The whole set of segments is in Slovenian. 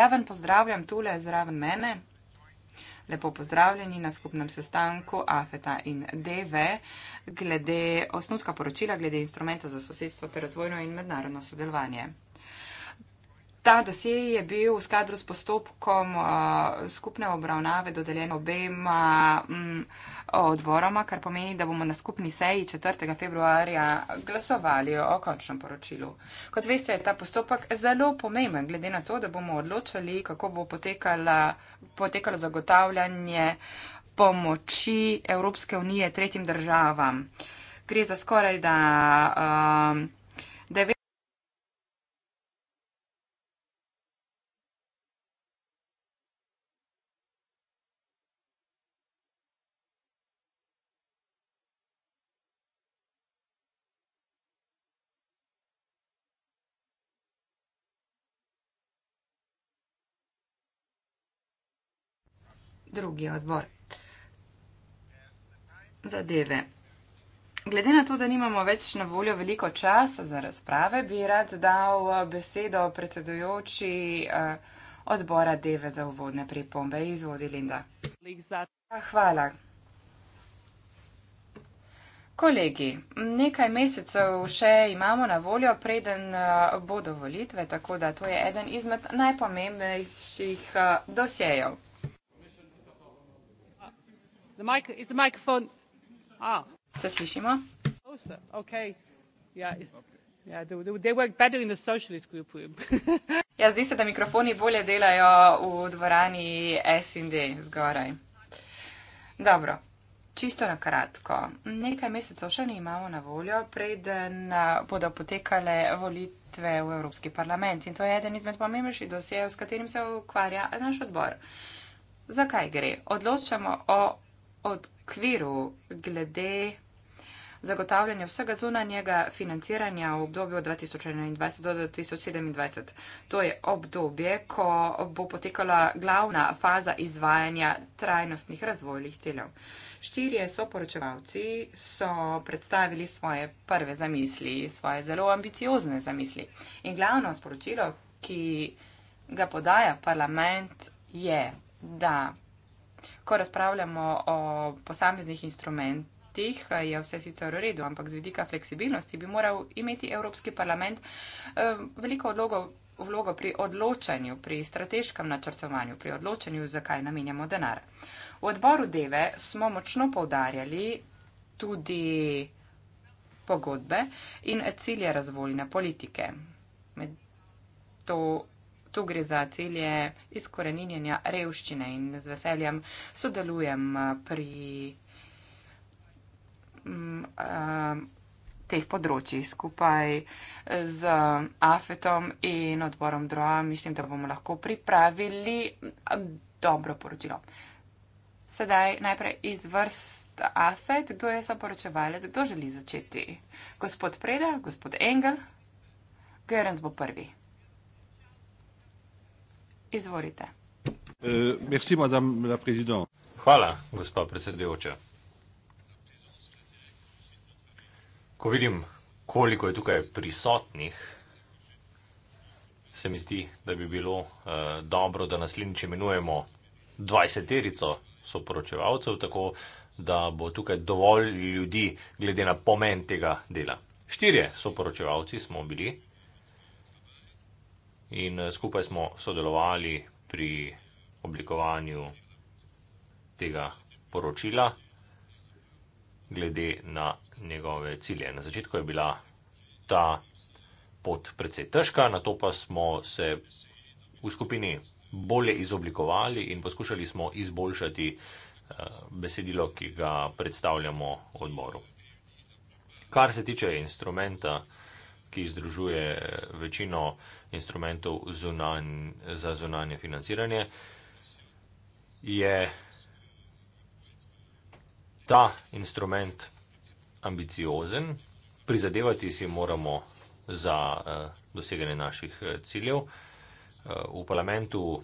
Zraven ja, pozdravljam tule zraven mene. Lepo pozdravljeni na skupnem sestanku AFETA in DV glede osnutka poročila glede instrumenta za sosedstvo ter razvojno in mednarodno sodelovanje. Ta dosej je bil v skladu s postopkom uh, skupne obravnave dodeljen obema um, odboroma, kar pomeni, da bomo na skupni seji 4. februarja glasovali o končnem poročilu. Kot veste, je ta postopek zelo pomemben, glede na to, da bomo odločali, kako bo potekala, potekalo zagotavljanje pomoči Evropske unije tretjim državam. Gre za skoraj da. Um, drugi odbor. Zadeve. Glede na to, da nimamo več na voljo veliko časa za razprave, bi rad dal eh, besedo predsedujoči eh, odbora Deve za uvodne pripombe. Izvodi Linda. Hvala. Kolegi, nekaj mesecev še imamo na voljo, preden eh, bodo volitve, tako da to je eden izmed najpomembnejših dosjejev. Ah. Se slišimo? Ja, zdi se, da mikrofoni bolje delajo v dvorani SND zgoraj. Dobro, čisto na kratko. Nekaj mesecev še ne imamo na voljo, preden bodo potekale volitve v Evropski parlament. In to je eden izmed pomembnejših dosjejev, s katerim se ukvarja naš odbor. Zakaj gre? Odločamo o okviru glede zagotavljanja vsega zunanjega financiranja v obdobju 2021 do 2027. To je obdobje, ko bo potekala glavna faza izvajanja trajnostnih razvojnih ciljev. Štirje soporočevalci so predstavili svoje prve zamisli, svoje zelo ambiciozne zamisli. In glavno sporočilo, ki ga podaja parlament, je, da ko razpravljamo o posameznih instrumentih, je vse sicer v redu, ampak z vidika fleksibilnosti bi moral imeti Evropski parlament eh, veliko odlogo, vlogo pri odločanju, pri strateškem načrtovanju, pri odločanju, zakaj namenjamo denar. V odboru Deve smo močno povdarjali tudi pogodbe in cilje razvojne politike. Med to Tu gre za cilje izkoreninjanja revščine in z veseljem sodelujem eh, pri m, mm, m, eh, teh področjih skupaj eh, z AFET-om in odborom DROA. Mislim, da bomo lahko pripravili mm, dobro poročilo. Sedaj najprej iz vrst AFET. Kdo je soporočevalec? Kdo želi začeti? Gospod Preda, gospod Engel? Gerens bo prvi. Izvolite. Eh, Hvala, gospa predsedujoča. Ko vidim, koliko je tukaj prisotnih, se mi zdi, da bi bilo uh, dobro, da naslednjič imenujemo 20-terico soporočevalcev, tako da bo tukaj dovolj ljudi glede na pomen tega dela. Štirje soporočevalci smo bili, in eh, skupaj smo sodelovali pri oblikovanju tega poročila glede na njegove cilje. Na začetku je bila ta pot precej težka, na to pa smo se v skupini bolje izoblikovali in poskušali smo izboljšati eh, besedilo, ki ga predstavljamo odboru. Kar se tiče instrumenta, ki združuje večino instrumentov zunanj, za zunanje financiranje, je ta instrument ambiciozen, prizadevati si moramo za uh, doseganje naših eh, ciljev. Uh, v parlamentu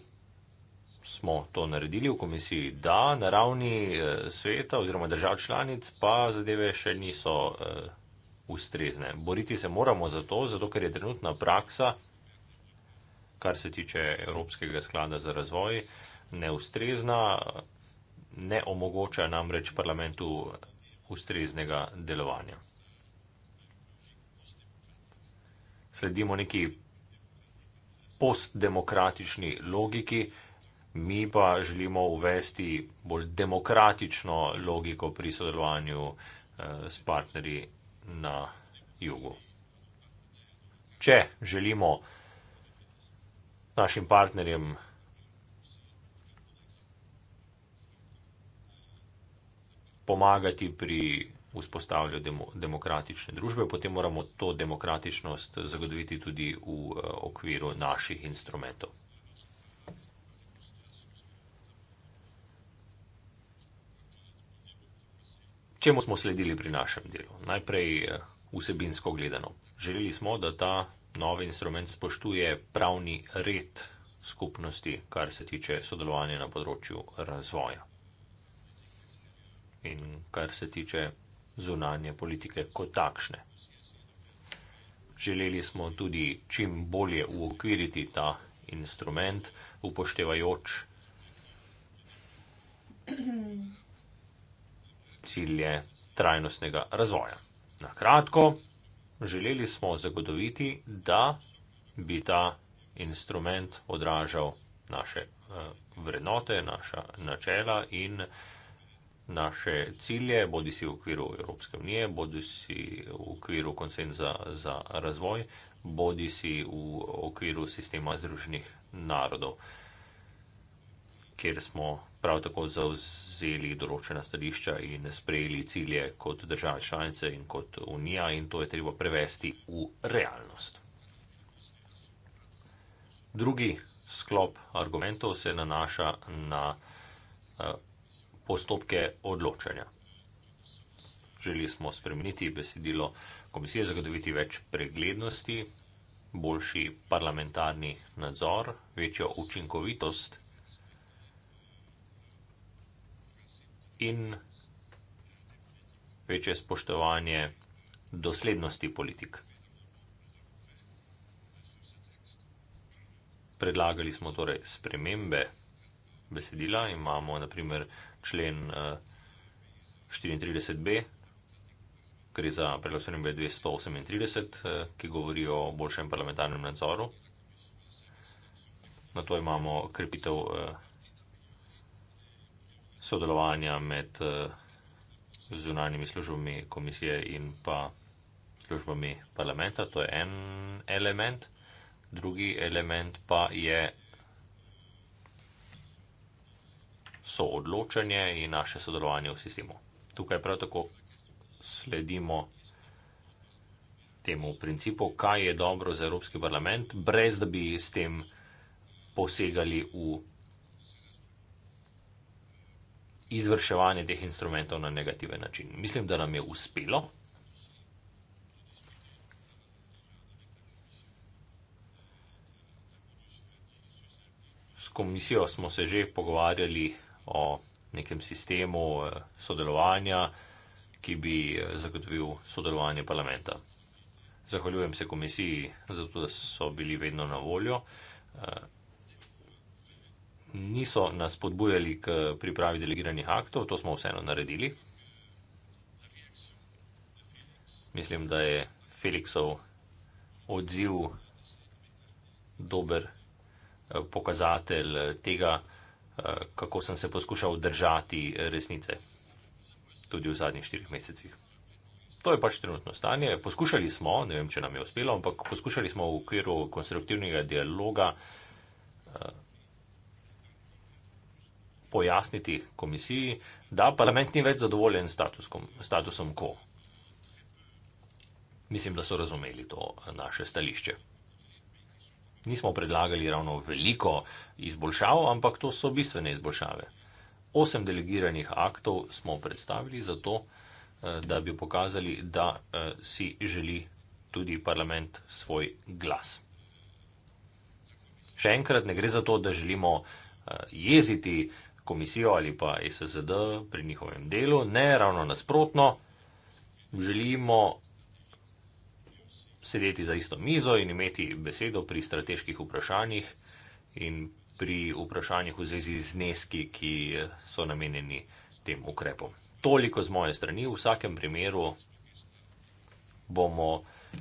smo to naredili, v komisiji da, na ravni uh, sveta oziroma držav članic pa zadeve še niso. Uh, ustrezne. Boriti se moramo za to, zato ker je trenutna praksa, kar se tiče Evropskega sklada za razvoj, neustrezna, ne omogoča namreč parlamentu ustreznega delovanja. Sledimo neki postdemokratični logiki, mi pa želimo uvesti bolj demokratično logiko pri sodelovanju eh, s partnerji na jugu. Če želimo našim partnerjem pomagati pri vzpostavljanju demokratične družbe, potem moramo to demokratičnost zagotoviti tudi v eh, okviru naših instrumentov. čemu smo sledili pri našem delu. Najprej eh, vsebinsko gledano. Želeli smo, da ta novi instrument spoštuje pravni red skupnosti, kar se tiče sodelovanja na področju razvoja in kar se tiče zunanje politike kot takšne. Želeli smo tudi čim bolje uokviriti ta instrument, upoštevajoč cilje trajnostnega razvoja. Na kratko, želeli smo zagotoviti, da bi ta instrument odražal naše eh, vrednote, naša načela in naše cilje, bodi si v okviru Evropske unije, bodi si v okviru konsenza za razvoj, bodi si v okviru sistema združenih narodov, kjer smo prav tako zauzeli določena stališča in sprejeli cilje kot države članice in kot Unija in to je treba prevesti v realnost. Drugi sklop argumentov se nanaša na eh, postopke odločanja. Želeli smo spremeniti besedilo komisije, zagotoviti več preglednosti, boljši parlamentarni nadzor, večjo učinkovitost in večje spoštovanje doslednosti politik. Predlagali smo torej spremembe besedila, imamo naprimer člen 34b, eh, gre za predlog spremembe 238, eh, ki govori o boljšem parlamentarnem nadzoru. Na to imamo krepitev eh, sodelovanja med eh, zunanjimi službami komisije in pa službami parlamenta. To je en element. Drugi element pa je soodločanje in naše sodelovanje v sistemu. Tukaj prav tako sledimo temu principu, kaj je dobro za Evropski parlament, brez da bi s tem posegali v izvrševanje teh instrumentov na negativen način. Mislim, da nam je uspelo. S komisijo smo se že pogovarjali o nekem sistemu eh, sodelovanja, ki bi eh, zagotovil sodelovanje parlamenta. Zahvaljujem se komisiji za to, da so bili vedno na voljo. Eh, niso nas podbujali k pripravi delegiranih aktov, to smo vseeno naredili. Mislim, da je Felixov odziv dober eh, pokazatelj eh, tega, eh, kako sem se poskušal držati resnice tudi v zadnjih štirih mesecih. To je pač trenutno stanje. Poskušali smo, ne vem, če nam je uspelo, ampak poskušali smo v okviru konstruktivnega dialoga pojasniti komisiji, da parlament ni več zadovoljen status kom, statusom ko. Mislim, da so razumeli to naše stališče. Nismo predlagali ravno veliko izboljšav, ampak to so bistvene izboljšave. Osem delegiranih aktov smo predstavili zato, eh, da bi pokazali, da eh, si želi tudi parlament svoj glas. Še enkrat, ne gre za to, da želimo eh, jeziti komisijo ali pa SSD pri njihovem delu. Ne, ravno nasprotno, želimo sedeti za isto mizo in imeti besedo pri strateških vprašanjih in pri vprašanjih v zvezi z neski, ki so namenjeni tem ukrepom. Toliko z moje strani, v vsakem primeru bomo.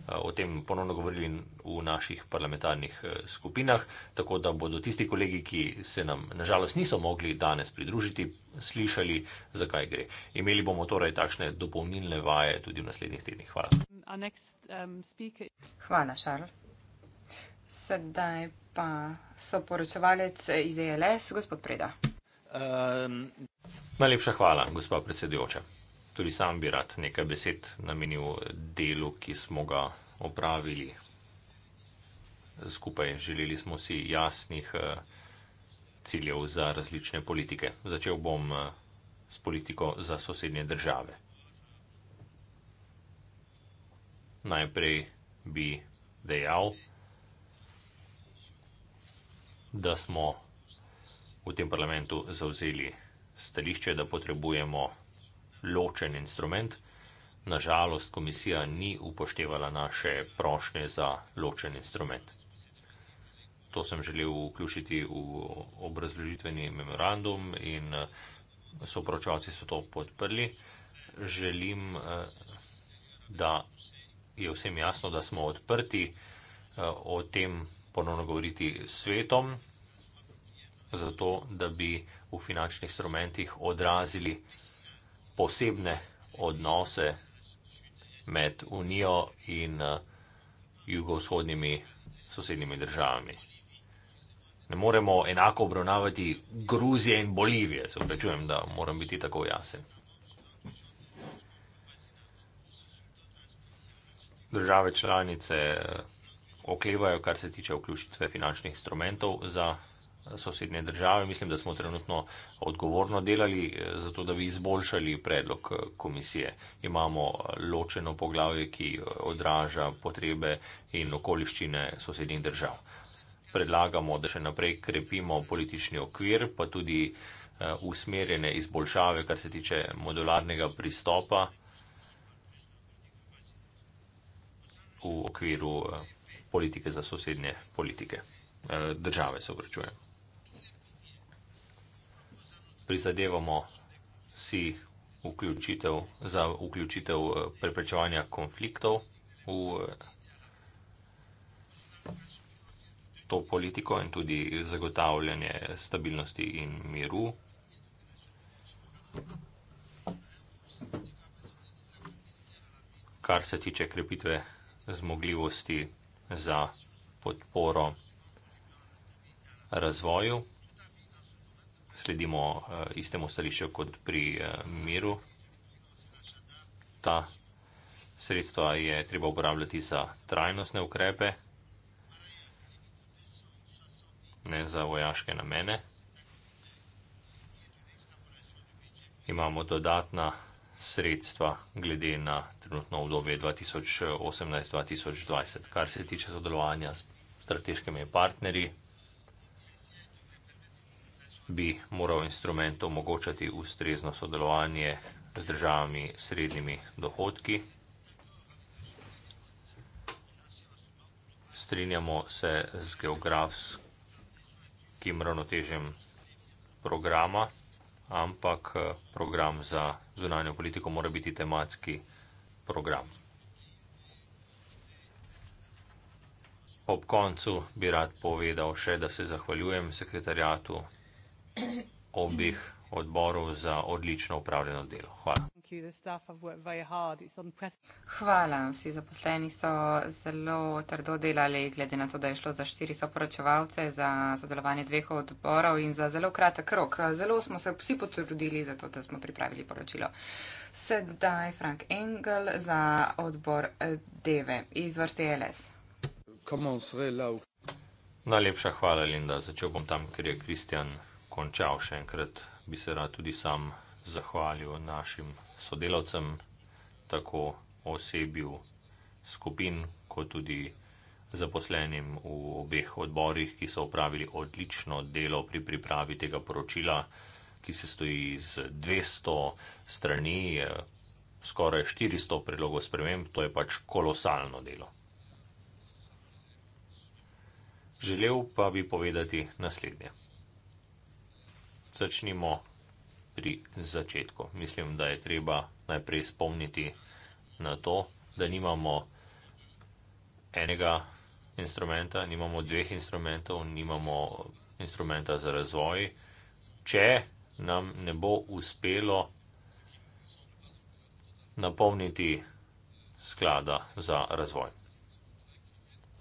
Eh, o tem ponovno govorili v naših parlamentarnih eh, skupinah, tako da bodo tisti kolegi, ki se nam nažalost niso mogli danes pridružiti, slišali, zakaj gre. Imeli bomo torej takšne dopolnilne vaje tudi v naslednjih tednih. Hvala. Um, hvala, Šarl. Sedaj pa so poročevalec iz ELS, gospod Preda. Um... Najlepša hvala, gospod predsedujoča tudi sam bi rad nekaj besed namenil delu, ki smo ga opravili skupaj. Želeli smo si jasnih eh, ciljev za različne politike. Začel bom eh, s politiko za sosednje države. Najprej bi dejal, da smo v tem parlamentu zauzeli stališče, da potrebujemo ločen instrument. Nažalost, komisija ni upoštevala naše prošnje za ločen instrument. To sem želel vključiti v obrazložitveni memorandum in eh, sopravčalci so to podprli. Želim, eh, da je vsem jasno, da smo odprti eh, o tem ponovno govoriti s svetom, zato da bi v finančnih instrumentih odrazili posebne odnose med Unijo in eh, jugovzhodnimi sosednjimi državami. Ne moremo enako obravnavati Gruzije in Bolivije, se vprečujem, da moram biti tako jasen. Države članice eh, oklevajo, kar se tiče vključitve finančnih instrumentov za Unijo sosednje države. Mislim, da smo trenutno odgovorno delali eh, za to, da bi izboljšali predlog eh, komisije. Imamo eh, ločeno poglavje, ki odraža potrebe in okoliščine sosednjih držav. Predlagamo, da še naprej krepimo politični okvir, pa tudi usmerjene izboljšave, kar se tiče modularnega pristopa v okviru politike za sosednje politike. Države se obračujem prizadevamo si vključitev, za vključitev eh, preprečevanja konfliktov v eh, to politiko in tudi zagotavljanje stabilnosti in miru. Kar se tiče krepitve zmogljivosti za podporo razvoju sledimo uh, istemu stališču kot pri uh, miru. Ta sredstva je treba uporabljati za trajnostne ukrepe, ne za vojaške namene. Imamo dodatna sredstva glede na trenutno obdobje 2018-2020, kar se tiče sodelovanja s strateškimi partnerji bi moral instrument omogočati ustrezno sodelovanje z državami srednjimi dohodki. Strinjamo se z geografskim ravnotežjem programa, ampak eh, program za zunanjo politiko mora biti tematski program. Ob koncu bi rad povedal še, da se zahvaljujem sekretarjatu obih odborov za odlično upravljeno delo. Hvala. Hvala. Vsi zaposleni so zelo trdo delali, glede na to, da je šlo za štiri soporočevalce, za sodelovanje dveh odborov in za zelo kratek rok. Zelo smo se vsi potrudili za to, da smo pripravili poročilo. Sedaj Frank Engel za odbor eh, Deve iz vrste LS. Najlepša hvala, Linda. Začel bom tam, ker je Kristjan. Christian končal. Še enkrat bi se rad tudi sam zahvalil našim sodelavcem, tako osebju skupin, kot tudi zaposlenim v obeh odborih, ki so upravili odlično delo pri pripravi tega poročila, ki se stoji z 200 strani, skoraj 400 predlogov sprememb, to je pač kolosalno delo. Želel pa bi povedati naslednje začnimo pri začetku. Mislim, da je treba najprej spomniti na to, da nimamo enega instrumenta, nimamo dveh instrumentov, nimamo instrumenta za razvoj. Če nam ne bo uspelo napolniti sklada za razvoj.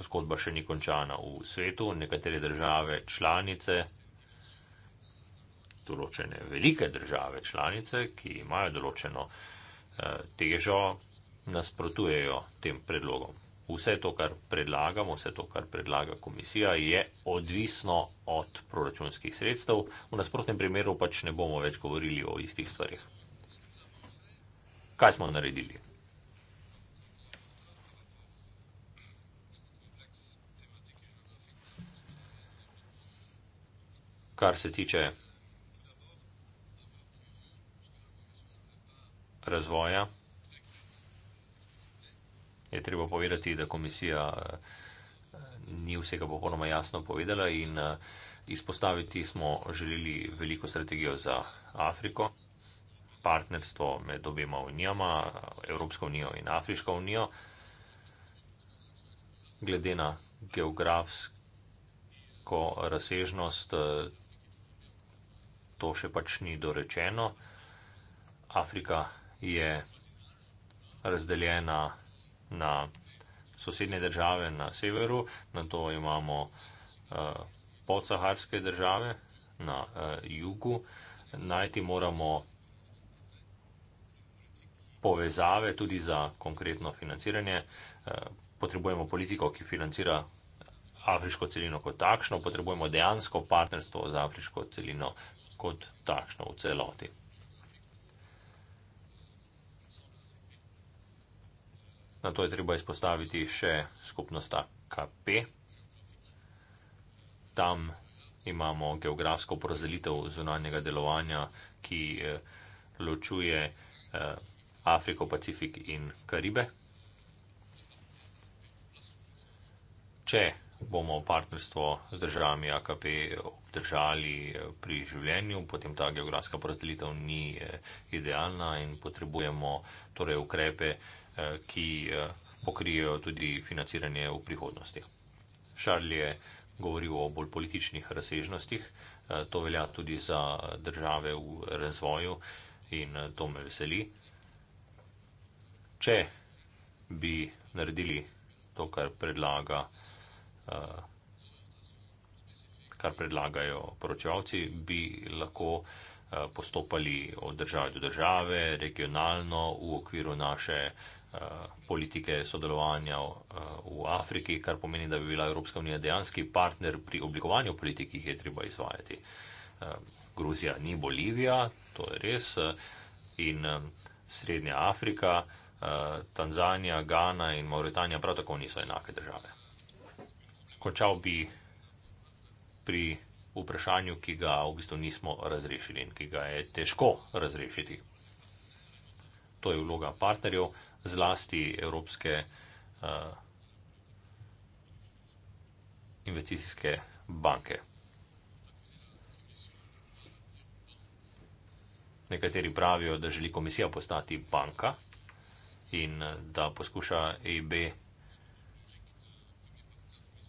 Zgodba še ni končana v svetu, nekatere države članice določene velike države članice, ki imajo določeno eh, težo, nasprotujejo tem predlogom. Vse to, kar predlagamo, vse to, kar predlaga komisija, je odvisno od proračunskih sredstev. V nasprotnem primeru pač ne bomo več govorili o istih stvarih. Kaj smo naredili? Kar se tiče razvoja. Je treba povedati, da komisija eh, ni vsega popolnoma jasno povedala in eh, izpostaviti smo želeli veliko strategijo za Afriko, partnerstvo med obema unijama, Evropsko unijo in Afriško unijo, glede na geografsko razsežnost. Eh, to še pač ni dorečeno. Afrika je razdeljena na sosednje države na severu, na to imamo uh, podsaharske države na uh, jugu. Najti moramo povezave tudi za konkretno financiranje. Uh, potrebujemo politiko, ki financira afriško celino kot takšno, potrebujemo dejansko partnerstvo za afriško celino kot takšno v celoti. Na to je treba izpostaviti še skupnost AKP. Tam imamo geografsko porazdelitev zunanjega delovanja, ki eh, ločuje eh, Afriko, Pacifik in Karibe. Če bomo partnerstvo z državami AKP obdržali eh, pri življenju, potem ta geografska porazdelitev ni idealna in potrebujemo torej ukrepe, Eh, ki eh, pokrijejo tudi financiranje v prihodnosti. Šarl je govoril o bolj političnih razsežnostih, eh, to velja tudi za države v razvoju in to me veseli. Če bi naredili to, kar, predlaga, kar predlagajo poročevalci, bi lahko postopali od države do države, regionalno, v okviru naše Eh, politike sodelovanja eh, v Afriki, kar pomeni, da bi bila Evropska unija dejanski partner pri oblikovanju politik, ki jih je treba izvajati. Eh, Gruzija ni Bolivija, to je res, in Srednja Afrika, Tanzanija, Gana in Mauritanija prav tako niso enake države. Končal bi pri vprašanju, ki ga v bistvu nismo razrešili in ki ga je težko razrešiti. To je vloga partnerjev, zlasti Evropske uh, investicijske banke. Nekateri pravijo, da želi komisija postati banka in eh, da poskuša EIB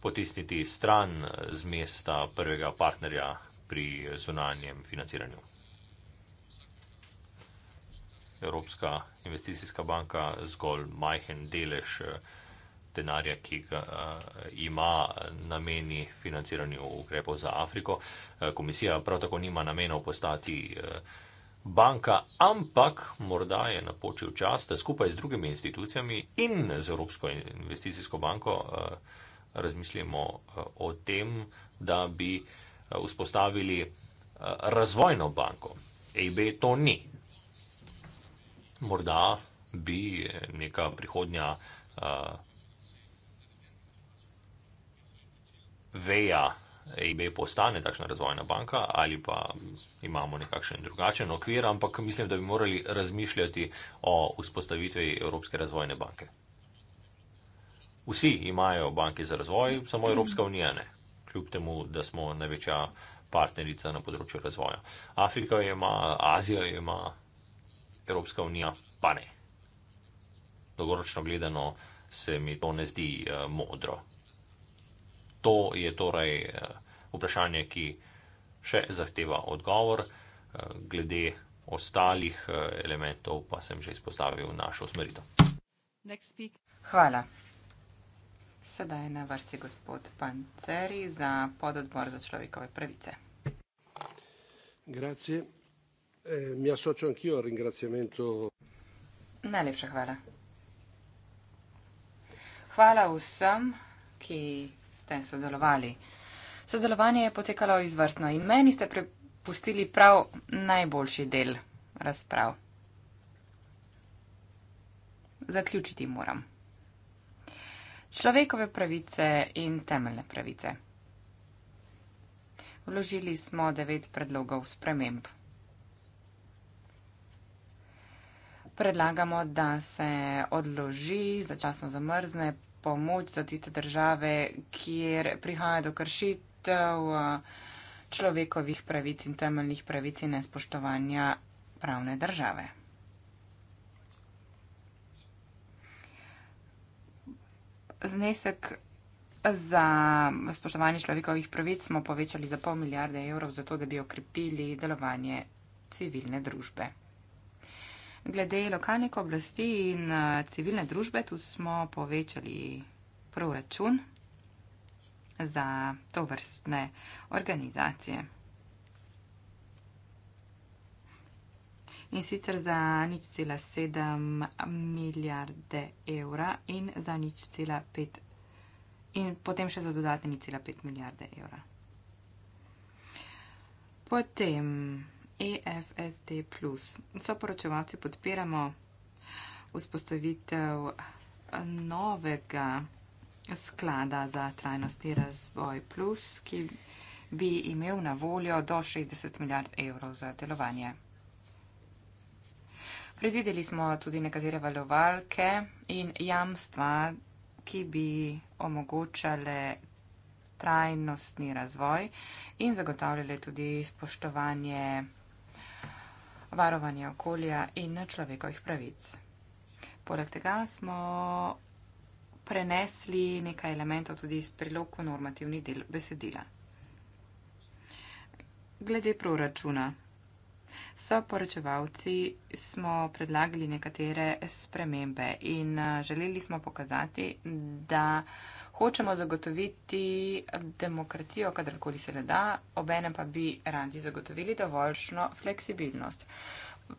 potisniti stran eh, z mesta prvega partnerja pri zunanjem financiranju. Evropska investicijska banka zgolj majhen delež eh, denarja, ki ga eh, ima nameni financiranju ukrepov za Afriko. Eh, komisija prav tako nima namenov postati banka, ampak morda je napočil čas, da skupaj z drugimi institucijami in z Evropsko investicijsko banko razmislimo o tem, da bi vzpostavili razvojno banko. EIB to ni morda bi eh, neka prihodnja uh, veja EIB postane takšna razvojna banka ali pa imamo nekakšen drugačen okvir, ampak mislim, da bi morali razmišljati o vzpostavitvi Evropske razvojne banke. Vsi imajo banke za razvoj, samo Evropska unija ne, kljub temu, da smo največja partnerica na področju razvoja. Afrika jo ima, Azija jo ima. Evropska unija pa ne. Dolgoročno gledano se mi to ne zdi uh, modro. To je torej uh, vprašanje, ki še zahteva odgovor. Uh, glede ostalih uh, elementov pa sem že izpostavil našo usmeritev. Hvala. Sedaj je na vrsti gospod Panceri za pododbor za človekove pravice. Grazie. Eh, mi associo anch'io al ringraziamento. Najlepša hvala. Hvala vsem, ki ste sodelovali. Sodelovanje je potekalo izvrstno in meni ste prepustili prav najboljši del razprav. Zaključiti moram. Človekove pravice in temeljne pravice. Vložili smo devet predlogov sprememb. predlagamo, da se odloži, začasno zamrzne pomoč za tiste države, kjer prihaja do kršitev uh, človekovih pravic in temeljnih pravic in nespoštovanja pravne države. Znesek za spoštovanje človekovih pravic smo povečali za pol milijarde evrov, zato da bi okrepili delovanje civilne družbe glede lokalnih oblasti in eh, civilne družbe, tu smo povečali proračun za to vrstne organizacije. In sicer za nič cela sedem milijarde evra in za nič cela pet in potem še za dodatne nič cela pet milijarde evra. Potem EFSD. So poročevalci podpiramo vzpostavitev novega sklada za trajnostni razvoj, plus, ki bi imel na voljo do 60 milijard evrov za delovanje. Predvideli smo tudi nekatere valovalke in jamstva, ki bi omogočale trajnostni razvoj in zagotavljale tudi spoštovanje varovanje okolja in človekovih pravic. Poleg tega smo prenesli nekaj elementov tudi iz prilogu normativni del besedila. Glede proračuna. So poročevalci smo predlagali nekatere spremembe in eh, želeli smo pokazati, da hočemo zagotoviti demokracijo, kadarkoli se le da, obenem pa bi radi zagotovili dovoljšno fleksibilnost.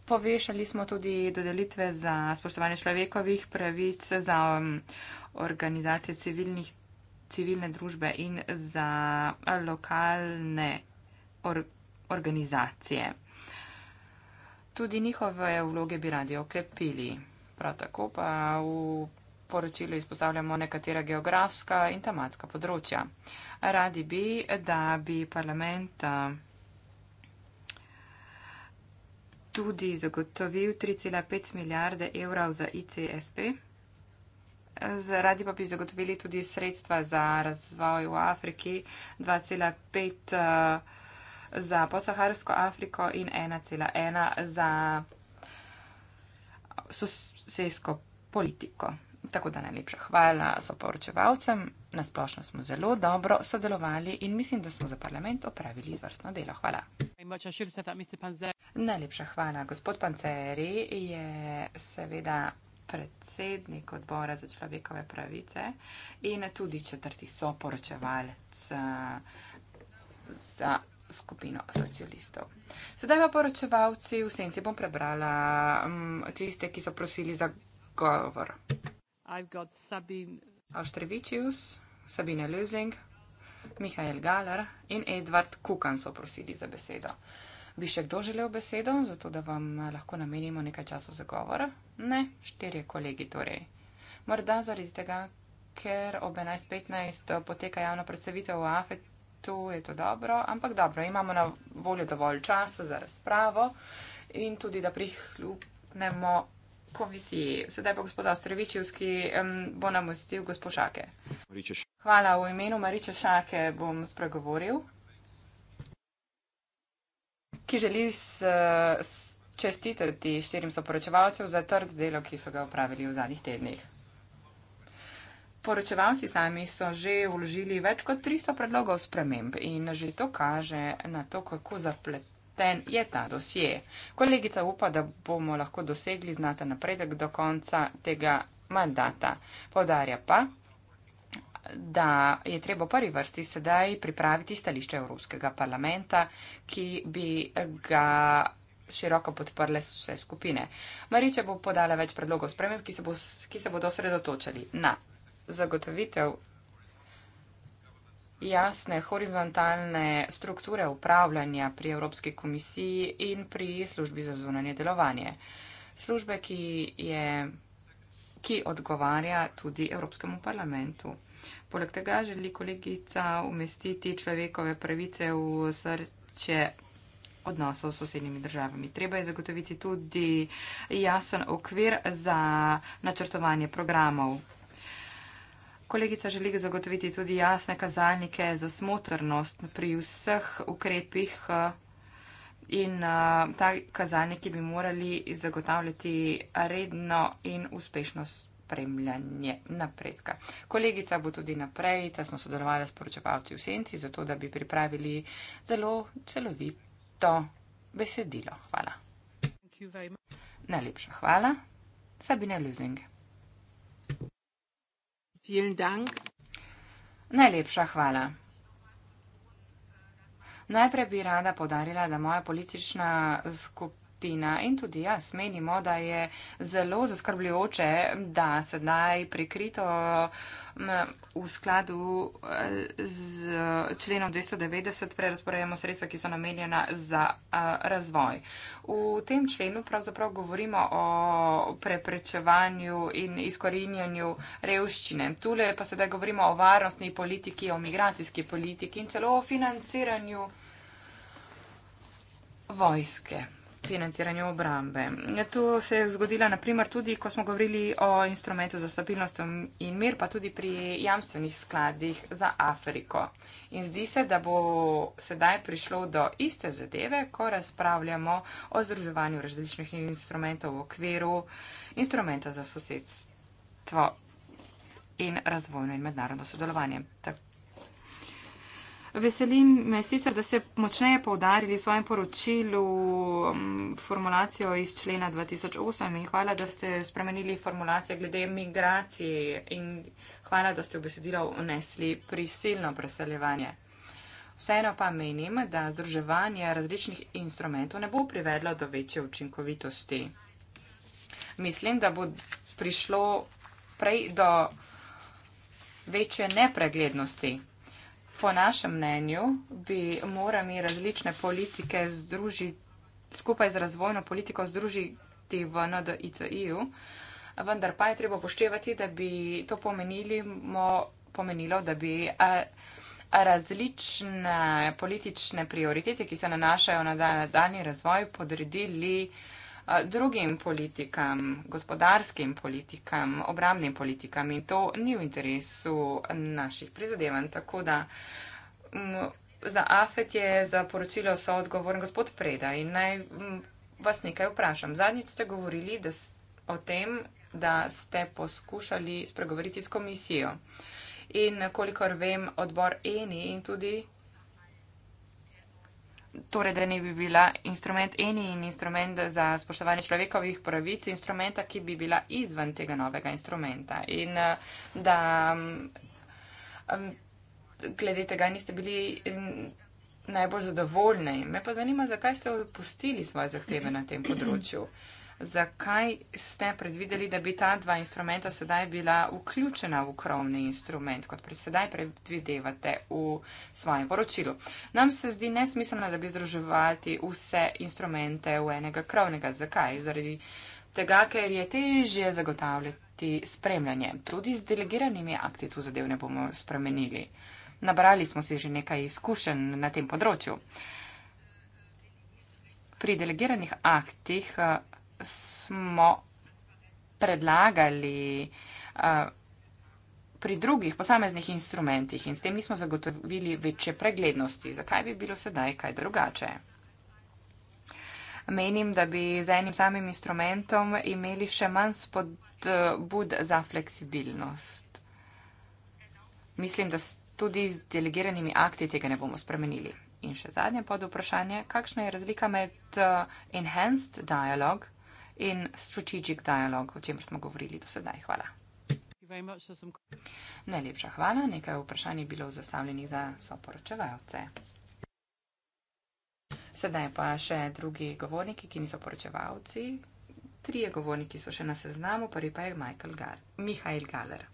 Povešali smo tudi dodelitve za spoštovanje človekovih pravic, za um, organizacije civilnih, civilne družbe in za lokalne or, organizacije. Tudi njihove vloge bi radi okrepili. Prav tako pa v poročilu izpostavljamo nekatera geografska in tematska področja. Radi bi, da bi parlament eh, tudi zagotovil 3,5 milijarde evrov za ICSP. Radi pa bi zagotovili tudi sredstva za razvoj v Afriki, 2,5 eh, za posaharsko Afriko in 1,1 za sosedsko politiko. Tako da najlepša hvala soporočevalcem. Nasplošno smo zelo dobro sodelovali in mislim, da smo za parlament opravili izvrstno delo. Hvala. Najlepša hvala. Gospod Panceri je seveda predsednik odbora za človekove pravice in tudi četrti soporočevalec eh, za skupino socialistov. Sedaj pa poročevalci v senci bom prebrala mm, tiste, ki so prosili za govor. Avštrevičius, Sabine Lözing, Mihajl Galer in Edvard Kukan so prosili za besedo. Bi še kdo želel besedo, zato da vam eh, lahko namenimo nekaj časa za govor? Ne, štirje kolegi torej. Morda zaradi tega, ker ob 11.15 eh, poteka javna predstavitev v AFET-u, je to dobro, ampak dobro, imamo na voljo dovolj časa za razpravo in tudi, da prihlupnemo komisiji. Sedaj pa gospod Ostrovičevski um, bo nam ustil gospod Šake. Hvala, v imenu Mariče Šake bom spregovoril, ki želi s, s, čestitati štirim soporočevalcev za trd delo, ki so ga upravili v zadnjih tednih. Poročevalci sami so že vložili več kot 300 predlogov sprememb in že to kaže na to, kako zaplet ten je ta dosje. Kolegica upa, da bomo lahko dosegli znaten napredek do konca tega mandata. Podarja pa, da je treba v prvi vrsti sedaj pripraviti stališče Evropskega parlamenta, ki bi ga široko podprle vse skupine. Mariče bo podala več predlogov sprememb, ki, ki se bodo osredotočali na zagotovitev jasne horizontalne strukture upravljanja pri Evropski komisiji in pri službi za zunanje delovanje. Službe, ki, je, ki odgovarja tudi Evropskemu parlamentu. Poleg tega želi kolegica umestiti človekove pravice v srce odnosov s sosednjimi državami. Treba je zagotoviti tudi jasen okvir za načrtovanje programov Kolegica želi zagotoviti tudi jasne kazalnike za smotrnost pri vseh ukrepih eh, in eh, ta kazalniki bi morali zagotavljati redno in uspešno spremljanje napredka. Kolegica bo tudi naprej, ta smo sodelovali s poročevalci v senci, zato da bi pripravili zelo celovito besedilo. Hvala. Najlepša hvala. Sabine Lüzing. Najlepša hvala. Najprej bi rada podarila, da moja politična skupina in tudi jaz menimo, da je zelo zaskrbljujoče, da sedaj prikrito. Uh, v skladu eh, z eh, členom 290 prerasporejamo sredstva, ki so namenjena za eh, razvoj. V tem členu pravzaprav govorimo o preprečevanju in izkorinjanju revščine. Tule pa sedaj govorimo o varnostni politiki, o migracijski politiki in celo o financiranju vojske financiranju obrambe. To se je zgodilo naprimer tudi, ko smo govorili o instrumentu za stabilnost um, in mir, pa tudi pri jamstvenih skladih za Afriko. In zdi se, da bo sedaj prišlo do iste zadeve, ko razpravljamo o združevanju različnih instrumentov v okviru instrumenta za sosedstvo in razvojno in mednarodno sodelovanje. Tako. Veselim me sicer, da ste močneje povdarili v svojem poročilu um, formulacijo iz člena 2008 in hvala, da ste spremenili formulacijo glede migracij in hvala, da ste v besedilo unesli prisilno preseljevanje. Vseeno pa menim, da združevanje različnih instrumentov ne bo privedlo do večje učinkovitosti. Mislim, da bo prišlo prej do večje nepreglednosti po našem mnenju bi morali različne politike združiti, skupaj z razvojno politiko združiti v NDICI-ju, vendar pa je treba upoštevati, da bi to mo, pomenilo, da bi a, a različne politične prioritete, ki se nanašajo na daljni razvoj, podredili drugim politikam, gospodarskim politikam, obramnim politikam in to ni v interesu naših prizadevanj. Tako da m, za AFET je za poročilo so odgovoren gospod Preda in naj m, vas nekaj vprašam. Zadnjič ste govorili s, o tem, da ste poskušali spregovoriti s komisijo. In kolikor vem, odbor Eni in tudi torej, da ne bi bila instrument eni in instrument za spoštovanje človekovih pravic, instrumenta, ki bi bila izven tega novega instrumenta. In eh, da mm, mm, glede tega niste bili mm, najbolj zadovoljni. Me pa zanima, zakaj ste opustili svoje zahteve na tem področju zakaj ste predvideli, da bi ta dva instrumenta sedaj bila vključena v krovni instrument, kot pri sedaj predvidevate v svojem poročilu. Nam se zdi nesmiselno, da bi združevati vse instrumente v enega krovnega. Zakaj? Zaradi tega, ker je težje zagotavljati spremljanje. Tudi z delegiranimi akti tu zadev ne bomo spremenili. Nabrali smo si že nekaj izkušenj na tem področju. Pri delegiranih aktih smo predlagali pri drugih posameznih instrumentih in s tem nismo zagotovili večje preglednosti. Zakaj bi bilo sedaj kaj drugače? Menim, da bi z enim samim instrumentom imeli še manj spodbud za fleksibilnost. Mislim, da tudi z delegiranimi akti tega ne bomo spremenili. In še zadnje pod vprašanje, kakšna je razlika med enhanced dialogue in strategic dialog, o čem smo govorili do sedaj. Hvala. Najlepša hvala. Nekaj vprašanj je bilo zastavljenih za soporočevalce. Sedaj pa še drugi govorniki, ki niso poročevalci. Trije govorniki so še na seznamu, prvi pa je Michael Gar, Mihajl Galer.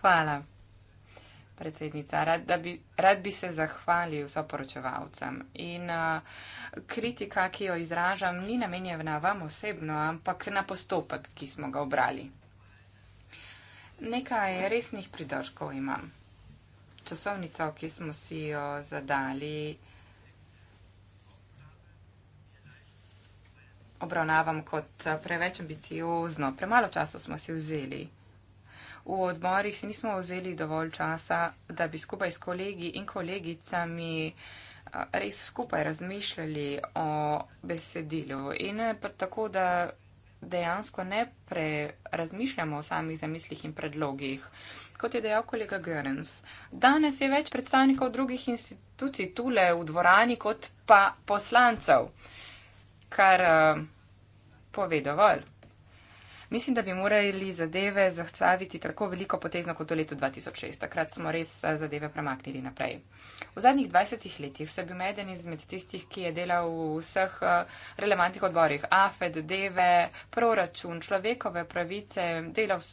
Hvala, predsednica, rad, bi, rad bi se zahvalil soporočevalcem. In uh, kritika, ki jo izražam, ni namenjena vam osebno, ampak na postopek, ki smo ga obrali. Nekaj resnih pridržkov imam. Časovnico, ki smo si jo zadali, obravnavam kot preveč ambiciozno. Premalo časa smo si vzeli v odmorih si nismo vzeli dovolj časa, da bi skupaj s kolegi in kolegicami res skupaj razmišljali o besedilu. In eh, tako, da dejansko ne razmišljamo o samih zamislih in predlogih. Kot je dejal kolega Görens, danes je več predstavnikov drugih institucij tule v dvorani kot pa poslancev, kar uh, pove dovolj. Mislim, da bi morali zadeve zahtaviti tako veliko potezno kot v letu 2006. Takrat smo res eh, zadeve premaknili naprej. V zadnjih 20 letih sem bil eden izmed tistih, ki je delal v vseh eh, relevantnih odborih. AFED, DEVE, proračun, človekove pravice, delal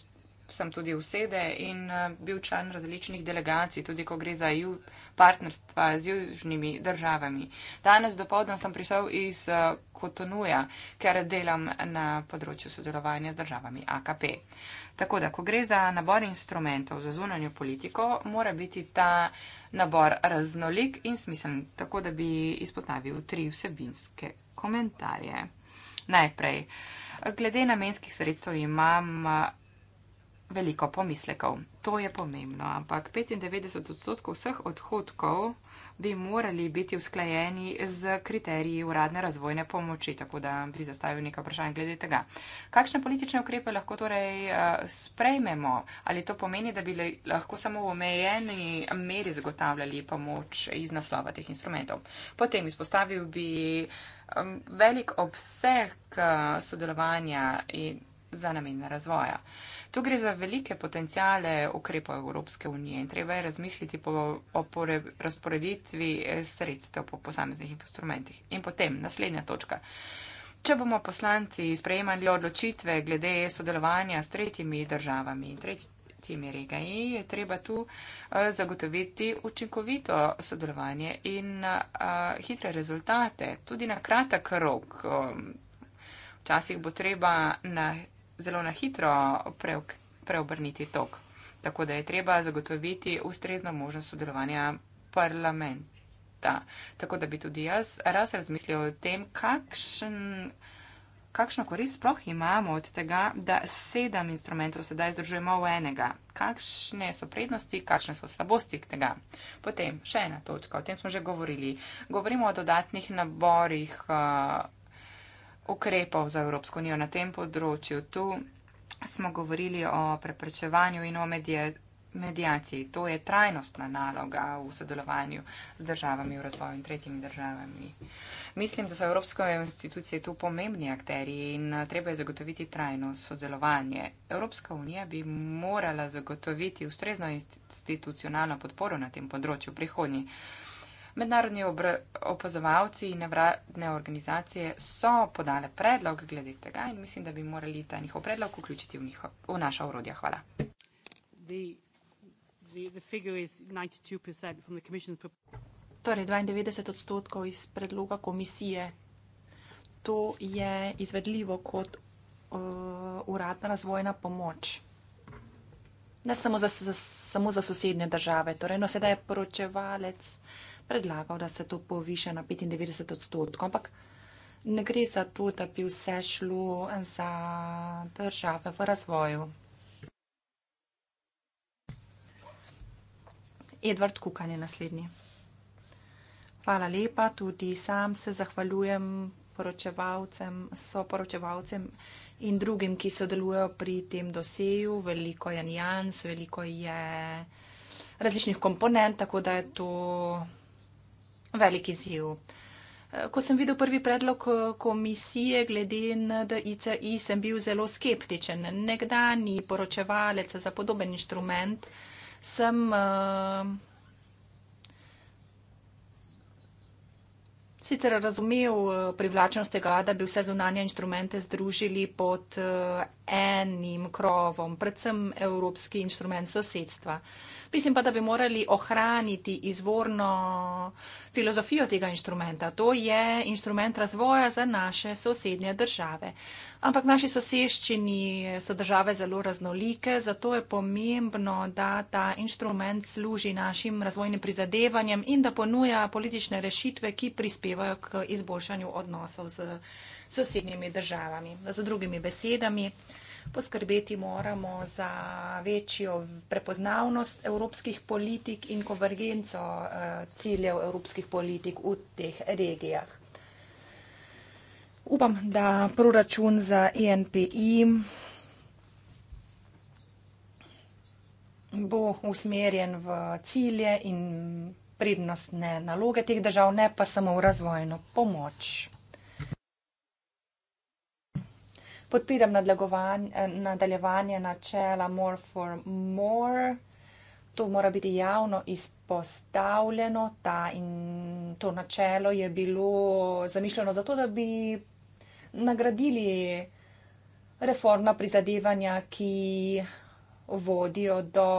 sem tudi usede in eh, bil član različnih delegacij, tudi ko gre za EU partnerstva z južnimi državami. Danes dopoldne sem prišel iz eh, Kotonuja, ker delam na področju sodelovanja z državami AKP. Tako da, ko gre za nabor instrumentov za zunanjo politiko, mora biti ta nabor raznolik in smiseln, tako da bi izpostavil tri vsebinske komentarje. Najprej, glede namenskih sredstev imam veliko pomislekov. To je pomembno, ampak 95 odstotkov vseh odhodkov bi morali biti usklajeni z kriteriji uradne razvojne pomoči, tako da bi zastavil nekaj vprašanj glede tega. Kakšne politične ukrepe lahko torej eh, sprejmemo? Ali to pomeni, da bi lahko samo v omejeni meri zagotavljali pomoč iz naslova teh instrumentov? Potem izpostavil bi velik obseg eh, sodelovanja in za namene razvoja. Tu gre za velike potencijale ukrepov Evropske unije in treba je razmisliti po, o pore, razporeditvi eh, sredstev po posameznih instrumentih. In potem naslednja točka. Če bomo poslanci sprejemali odločitve glede sodelovanja s tretjimi državami in tretjimi regami, je treba tu eh, zagotoviti učinkovito sodelovanje in eh, hitre rezultate, tudi na kratek rok. Včasih bo treba na zelo na hitro preobrniti tok. Tako da je treba zagotoviti ustrezno možnost sodelovanja parlamenta. Tako da bi tudi jaz raz razmislil o tem, kakšen, kakšno korist sploh imamo od tega, da sedem instrumentov sedaj združujemo v enega. Kakšne so prednosti, kakšne so slabosti tega. Potem še ena točka, o tem smo že govorili. Govorimo o dodatnih naborih. Uh, ukrepov za Evropsko unijo na tem področju. Tu smo govorili o preprečevanju in o medijaciji. To je trajnostna naloga v sodelovanju z državami v razvoju in tretjimi državami. Mislim, da so evropske institucije tu pomembni akteri in eh, treba je zagotoviti trajno sodelovanje. Evropska unija bi morala zagotoviti ustrezno institucionalno podporo na tem področju v prihodnji. Mednarodni opazovalci in nevladne organizacije so podale predlog glede tega in mislim, da bi morali ta njihov predlog vključiti v, njiho, v naša urodja. Hvala. Torej 92 odstotkov iz predloga komisije. To je izvedljivo kot uh, uradna razvojna pomoč. Ne samo za, za, samo za sosednje države. Torej, no, sedaj je poročevalec. Uh, predlagal, da se to poviše na 95 odstotkov, ampak ne gre za to, da bi vse šlo za države v razvoju. Edvard Kukan je naslednji. Hvala lepa, tudi sam se zahvaljujem poročevalcem, soporočevalcem in drugim, ki sodelujo pri tem doseju. Veliko je nijans, veliko je različnih komponent, tako da je to veliki ziv. Eh, ko sem videl prvi predlog eh, komisije glede NDICI, sem bil zelo skeptičen. Nekdani poročevalec za podoben inštrument sem uh, sicer razumel privlačnost tega, da bi vse zunanje inštrumente združili pod uh, enim krovom, predvsem evropski inštrument sosedstva. Uh, Mislim pa, da bi morali ohraniti izvorno filozofijo tega inštrumenta. To je inštrument razvoja za naše sosednje države. Ampak v naši soseščini so države zelo raznolike, zato je pomembno, da ta inštrument služi našim razvojnim prizadevanjem in da ponuja politične rešitve, ki prispevajo k izboljšanju odnosov z sosednjimi državami. Z drugimi besedami poskrbeti moramo za večjo prepoznavnost evropskih politik in konvergenco eh, ciljev evropskih politik v teh regijah. Upam, da proračun za ENPI bo usmerjen v cilje in prednostne naloge teh držav, ne pa samo v razvojno pomoč. podpiram eh, nadaljevanje načela More for More. To mora biti javno izpostavljeno. Ta in to načelo je bilo zamišljeno zato, da bi nagradili reformna prizadevanja, ki vodijo do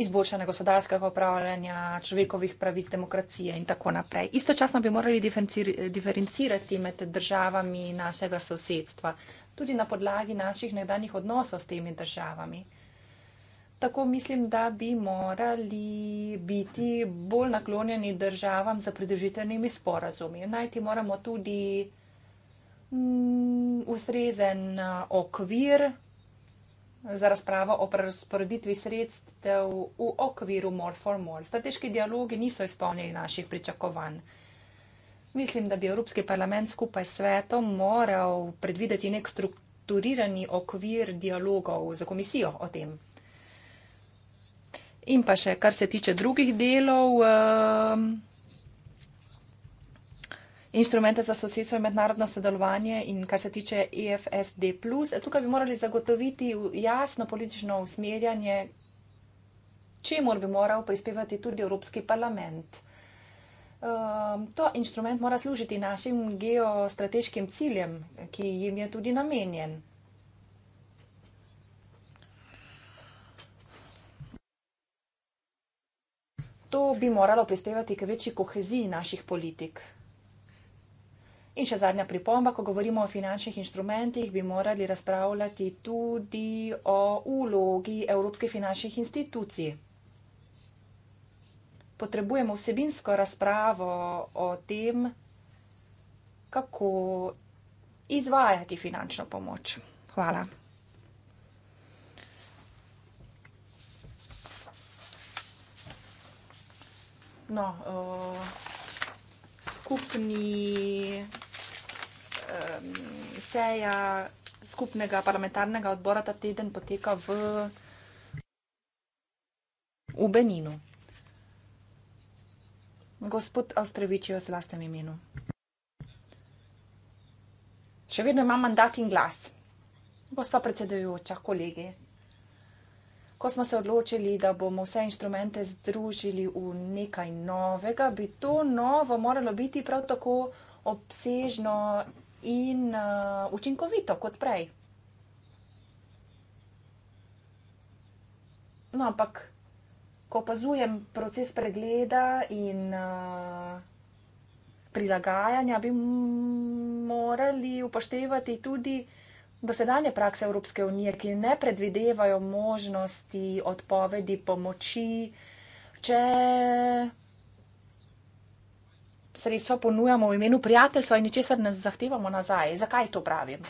izboljšanja gospodarskega upravljanja, človekovih pravic, demokracije in tako naprej. Istočasno bi morali diferencirati med državami našega sosedstva, tudi na podlagi naših nekdanjih odnosov s temi državami. Tako mislim, da bi morali biti bolj naklonjeni državam za pridružitvenimi sporazumi. Najti moramo tudi mm, ustrezen okvir, za razpravo o prerasporeditvi sredstev v okviru More for More. Strateški dialogi niso izpolnili naših pričakovanj. Mislim, da bi Evropski parlament skupaj s svetom moral predvideti nek strukturirani okvir dialogov za komisijo o tem. In pa še, kar se tiče drugih delov. Uh, inštrumente za sosedstvo in mednarodno sodelovanje in kar se tiče EFSD. Tukaj bi morali zagotoviti jasno politično usmerjanje, če mora bi moral prispevati tudi Evropski parlament. Um, to inštrument mora služiti našim geostrateškim ciljem, ki jim je tudi namenjen. To bi moralo prispevati k večji koheziji naših politik. In še zadnja pripomba, ko govorimo o finančnih instrumentih, bi morali razpravljati tudi o ulogi evropskih finančnih institucij. Potrebujemo vsebinsko razpravo o tem, kako izvajati finančno pomoč. Hvala. No, uh skupni seja skupnega parlamentarnega odbora ta teden poteka v, v Beninu. Gospod Ostrevič, v slastem imenu. Še vedno ima mandat in glas. Gospa predsedujoča, kolege, ko smo se odločili, da bomo vse inštrumente združili v nekaj novega, bi to novo moralo biti prav tako obsežno in uh, učinkovito kot prej. No, ampak, ko opazujem proces pregleda in uh, prilagajanja, bi morali upoštevati tudi. Dosedanje prakse Evropske unije, ki ne predvidevajo možnosti odpovedi pomoči, če sredstva ponujamo v imenu prijateljstva in ničesar ne zahtevamo nazaj. Zakaj to pravim?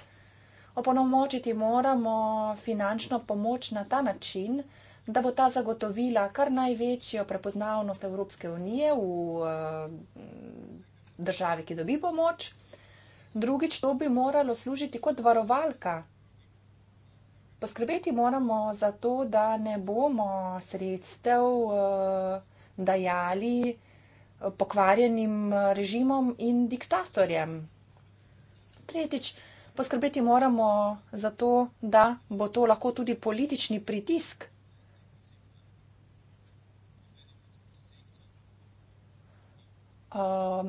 Oponomočiti moramo finančno pomoč na ta način, da bo ta zagotovila kar največjo prepoznavnost Evropske unije v eh, državi, ki dobi pomoč drugič to bi moralo služiti kot varovalka. Poskrbeti moramo za to, da ne bomo sredstev eh, dajali eh, pokvarjenim režimom in diktatorjem. Tretjič, poskrbeti moramo za to, da bo to lahko tudi politični pritisk. Um,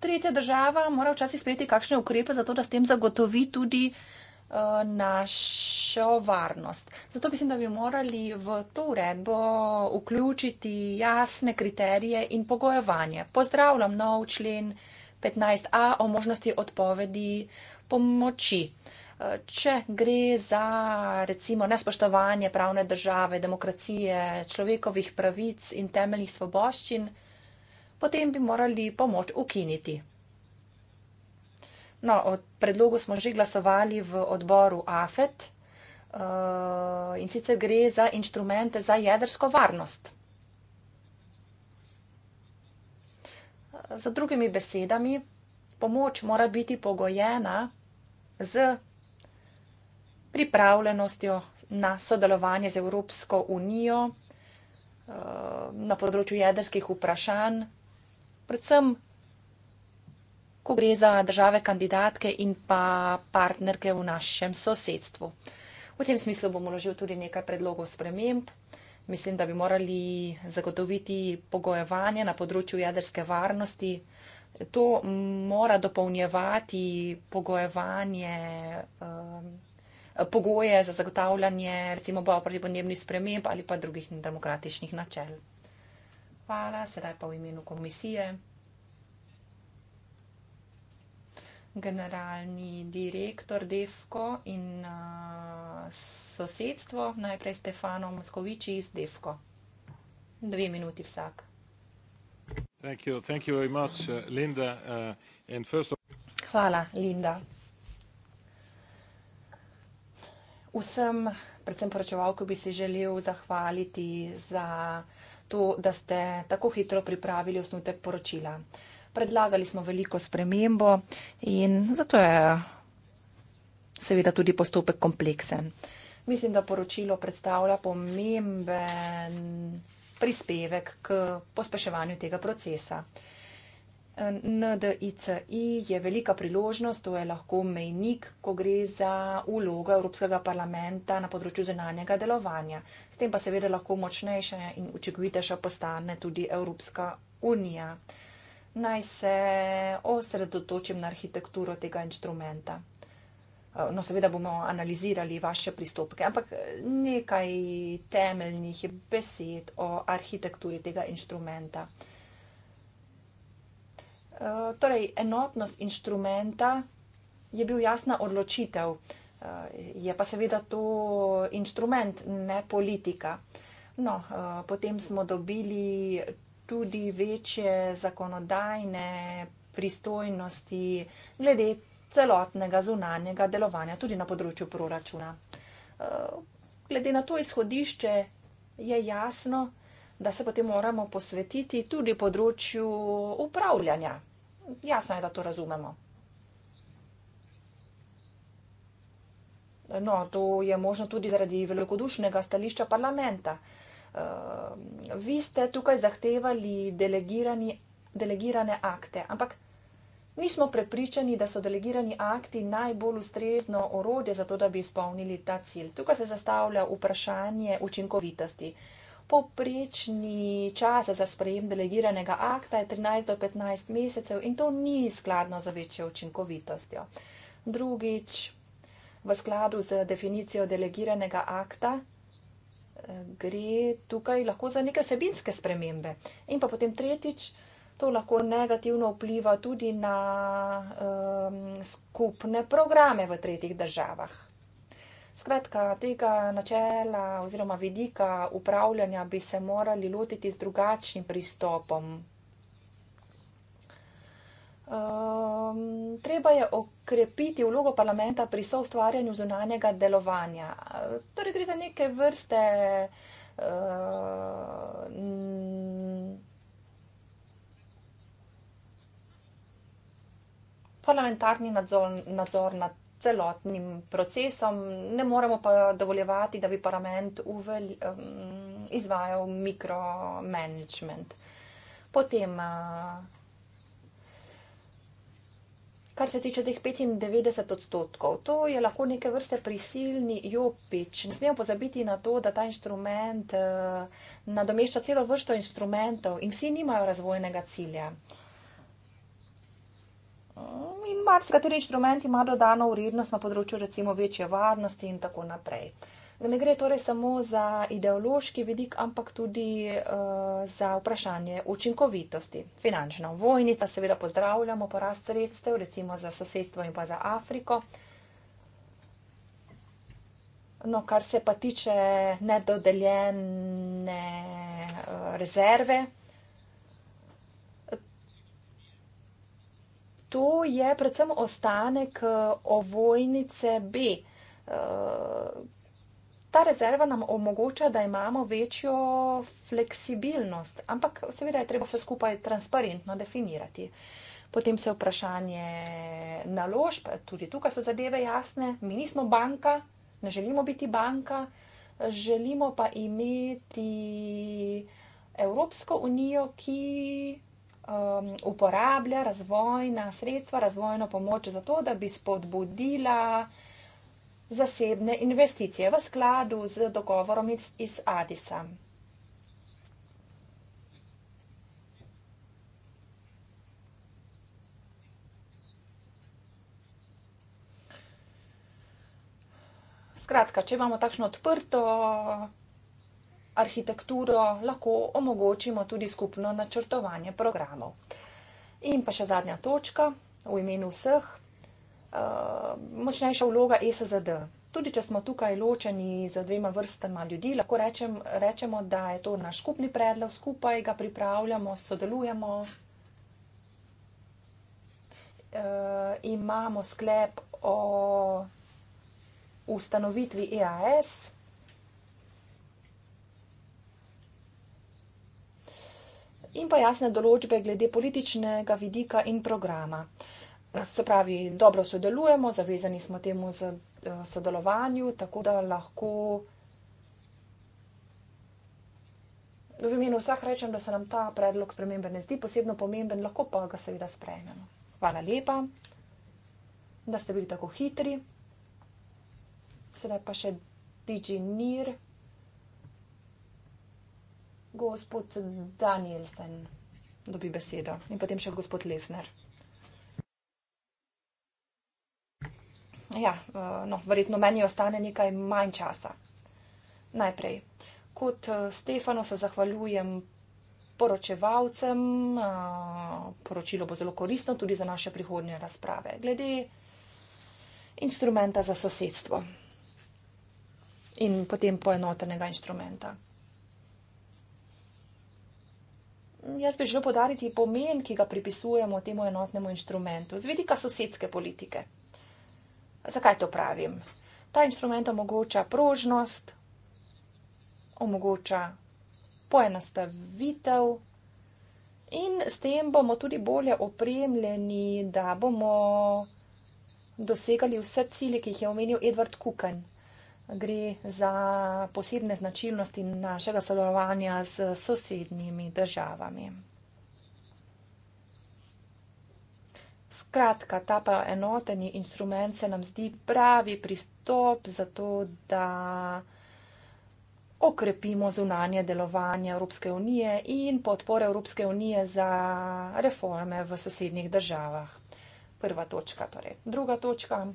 tretja država mora včasih sprejeti kakšne ukrepe, zato da s tem zagotovi tudi eh, našo varnost. Zato mislim, da bi morali v to uredbo vključiti jasne kriterije in pogojevanje. Pozdravljam nov člen 15a o možnosti odpovedi pomoči. Eh, če gre za recimo nespoštovanje pravne države, demokracije, človekovih pravic in temeljnih svoboščin, potem bi morali pomoč ukiniti. No, o predlogu smo že glasovali v odboru AFET eh, in sicer gre za inštrumente za jedrsko varnost. Za drugimi besedami, pomoč mora biti pogojena z pripravljenostjo na sodelovanje z Evropsko unijo eh, na področju jedrskih vprašanj, predvsem, ko gre za države kandidatke in pa partnerke v našem sosedstvu. V tem smislu bom uložil tudi nekaj predlogov sprememb. Mislim, da bi morali zagotoviti pogojevanje na področju jedrske varnosti. To mora dopolnjevati pogojevanje, um, pogoje za zagotavljanje recimo boja proti podnebnim spremembam ali pa drugih demokratičnih načel hvala, sedaj pa v imenu komisije. Generalni direktor Defko in uh, sosedstvo, najprej Stefano Moskoviči iz Defko. Dve minuti vsak. Thank you, thank you very much, uh, Linda. Uh, and first of... Hvala, Linda. Vsem, predvsem poročevalku, bi si želel zahvaliti za uh, to, da ste tako hitro pripravili osnutek poročila. Predlagali smo veliko spremembo in zato je seveda tudi postopek kompleksen. Mislim, da poročilo predstavlja pomemben prispevek k pospeševanju tega procesa. NDICI je velika priložnost, to je lahko mejnik, ko gre za ulogo Evropskega parlamenta na področju zunanjega delovanja. S tem pa seveda lahko močnejša in učinkovitejša postane tudi Evropska unija. Naj se osredotočim na arhitekturo tega inštrumenta. No, seveda bomo analizirali vaše pristopke, ampak nekaj temeljnih besed o arhitekturi tega inštrumenta. Eh, torej enotnost inštrumenta je bil jasna odločitev. Eh, je pa seveda to inštrument, ne politika. No, eh, potem smo dobili tudi večje zakonodajne pristojnosti glede celotnega zunanjega delovanja, tudi na področju proračuna. Glede na to izhodišče je jasno, da se potem moramo posvetiti tudi področju upravljanja jasno je, da to razumemo. No, to je možno tudi zaradi velikodušnega stališča parlamenta. Ehm, vi ste tukaj zahtevali delegirane akte, ampak nismo prepričani, da so delegirani akti najbolj ustrezno orodje za to, da bi izpolnili ta cilj. Tukaj se zastavlja vprašanje učinkovitosti. Poprečni čas za sprejem delegiranega akta je 13 do 15 mesecev in to ni skladno za večjo učinkovitostjo. Drugič, v skladu z definicijo delegiranega akta eh, gre tukaj lahko za neke vsebinske spremembe. In pa potem tretjič, to lahko negativno vpliva tudi na um, skupne programe v tretjih državah. Skratka, tega načela oziroma vidika upravljanja bi se morali lotiti z drugačnim pristopom. Um, treba je okrepiti vlogo parlamenta pri soustvarjanju zunanjega delovanja. Torej gre za neke vrste uh, parlamentarni nadzor, nadzor nad celotnim procesom, ne moremo pa dovoljevati, da bi parlament uvelj, izvajal mikromanagement. Potem, eh, kar se tiče teh 95 odstotkov, to je lahko neke vrste prisilni jopič. Ne smemo pozabiti na to, da ta inštrument eh, nadomešča celo vrsto inštrumentov in vsi nimajo razvojnega cilja. In marsikateri inštrument ima dodano vrednost na področju, recimo, večje varnosti in tako naprej. Ne gre torej samo za ideološki vidik, ampak tudi uh, za vprašanje učinkovitosti. Finančna vojnica, seveda pozdravljamo porast sredstev, recimo za sosedstvo in pa za Afriko. No, kar se pa tiče nedodeljene uh, rezerve, to je predvsem ostanek eh, ovojnice B. Eh, ta rezerva nam omogoča, da imamo večjo fleksibilnost, ampak seveda je treba vse skupaj transparentno definirati. Potem se vprašanje naložb, tudi tukaj so zadeve jasne. Mi nismo banka, ne želimo biti banka, želimo pa imeti Evropsko unijo, ki um, uporablja razvojna sredstva, razvojno pomoč za to, da bi spodbudila zasebne investicije v skladu z dogovorom iz, iz Adisa. Skratka, če imamo takšno odprto arhitekturo lahko omogočimo tudi skupno načrtovanje programov. In pa še zadnja točka v imenu vseh, eh, močnejša vloga e SZD. Tudi, če smo tukaj ločeni z dvema vrstama ljudi, lahko rečem, rečemo, da je to naš skupni predlog, skupaj ga pripravljamo, sodelujemo. Uh, imamo sklep o ustanovitvi EAS, in pa jasne določbe glede političnega vidika in programa. Se pravi, dobro sodelujemo, zavezani smo temu eh, sodelovanju, tako da lahko v imenu vseh rečem, da se nam ta predlog spremembe ne zdi posebno pomemben, lahko pa ga seveda sprejmemo. Hvala lepa, da ste bili tako hitri. Sedaj pa še Digi Nir gospod Danielsen dobi besedo in potem še gospod Lefner. Ja, eh, no, verjetno meni ostane nekaj manj časa. Najprej, kot eh, Stefano se zahvaljujem poročevalcem, eh, poročilo bo zelo koristno tudi za naše prihodnje razprave. Glede instrumenta za sosedstvo in potem poenotenega instrumenta. jaz bi želel podariti pomen, ki ga pripisujemo temu enotnemu instrumentu, z vidika sosedske politike. Zakaj to pravim? Ta instrument omogoča prožnost, omogoča poenostavitev in s tem bomo tudi bolje opremljeni, da bomo dosegali vse cilje, ki jih je omenil Edward Kukan gre za posebne značilnosti našega sodelovanja z sosednjimi državami. Skratka, ta pa enoteni instrument se nam zdi pravi pristop za to, da okrepimo zunanje delovanje Evropske unije in podpore Evropske unije za reforme v sosednjih državah. Prva točka torej. Druga točka.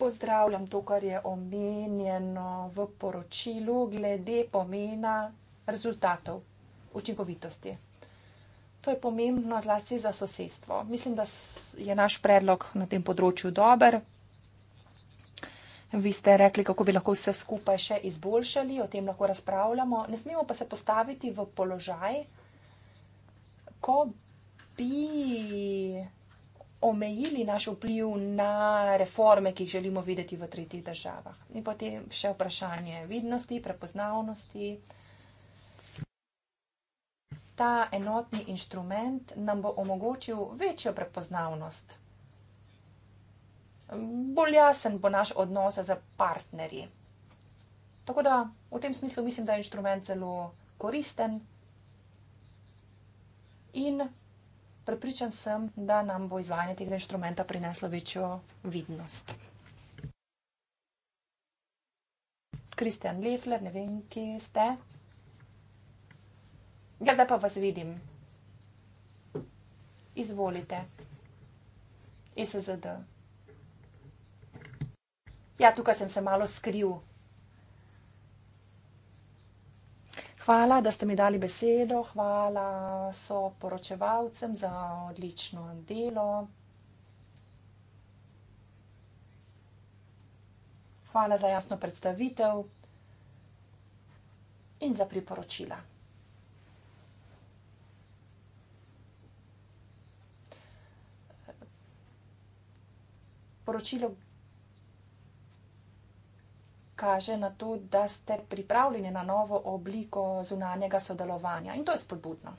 pozdravljam to, kar je omenjeno v poročilu glede pomena rezultatov učinkovitosti. To je pomembno zlasti za sosedstvo. Mislim, da je naš predlog na tem področju dober. Vi ste rekli, kako bi lahko vse skupaj še izboljšali, o tem lahko razpravljamo. Ne smemo pa se postaviti v položaj, ko bi omejili naš vpliv na reforme, ki jih želimo videti v tretjih državah. In potem še vprašanje vidnosti, prepoznavnosti. Ta enotni inštrument nam bo omogočil večjo prepoznavnost. Bolj jasen bo naš odnos z partnerji. Tako da v tem smislu mislim, da je inštrument zelo koristen in Pripričan sem, da nam bo izvajanje tega inštrumenta prineslo večjo vidnost. Kristjan Lefler, ne vem, kje ste. Ja, zdaj pa vas vidim. Izvolite. ISZD. Ja, tukaj sem se malo skril. Hvala, da ste mi dali besedo, hvala so poročevalcem za odlično delo. Hvala za jasno predstavitev in za priporočila. Poročilo kaže na to, da ste pripravljeni na novo obliko zunanjega sodelovanja in to je spodbudno.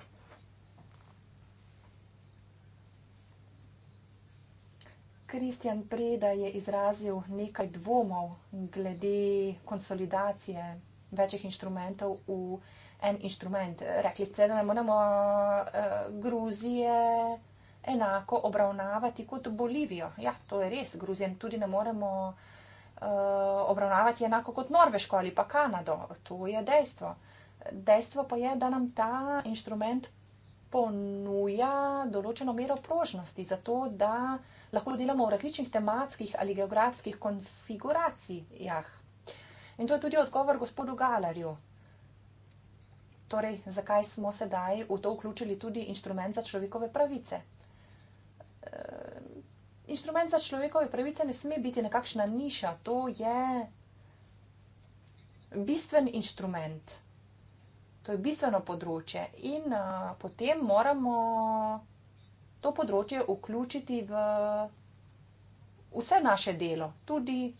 Kristjan Preda je izrazil nekaj dvomov glede konsolidacije večjih inštrumentov v en inštrument. Rekli ste, da ne moremo eh, Gruzije enako obravnavati kot Bolivijo. Ja, to je res. Gruzijo tudi ne moremo. Eh, obravnavati enako kot Norveško ali pa Kanado. To je dejstvo. Dejstvo pa je, da nam ta inštrument ponuja določeno mero prožnosti za to, da lahko delamo v različnih tematskih ali geografskih konfiguracijah. In to je tudi odgovor gospodu Galarju. Torej, zakaj smo sedaj v to vključili tudi inštrument za človekove pravice? Eh, Inštrument za človekove pravice ne sme biti nekakšna niša, to je bistven inštrument, to je bistveno področje. In uh, potem moramo to področje vključiti v vse naše delo, tudi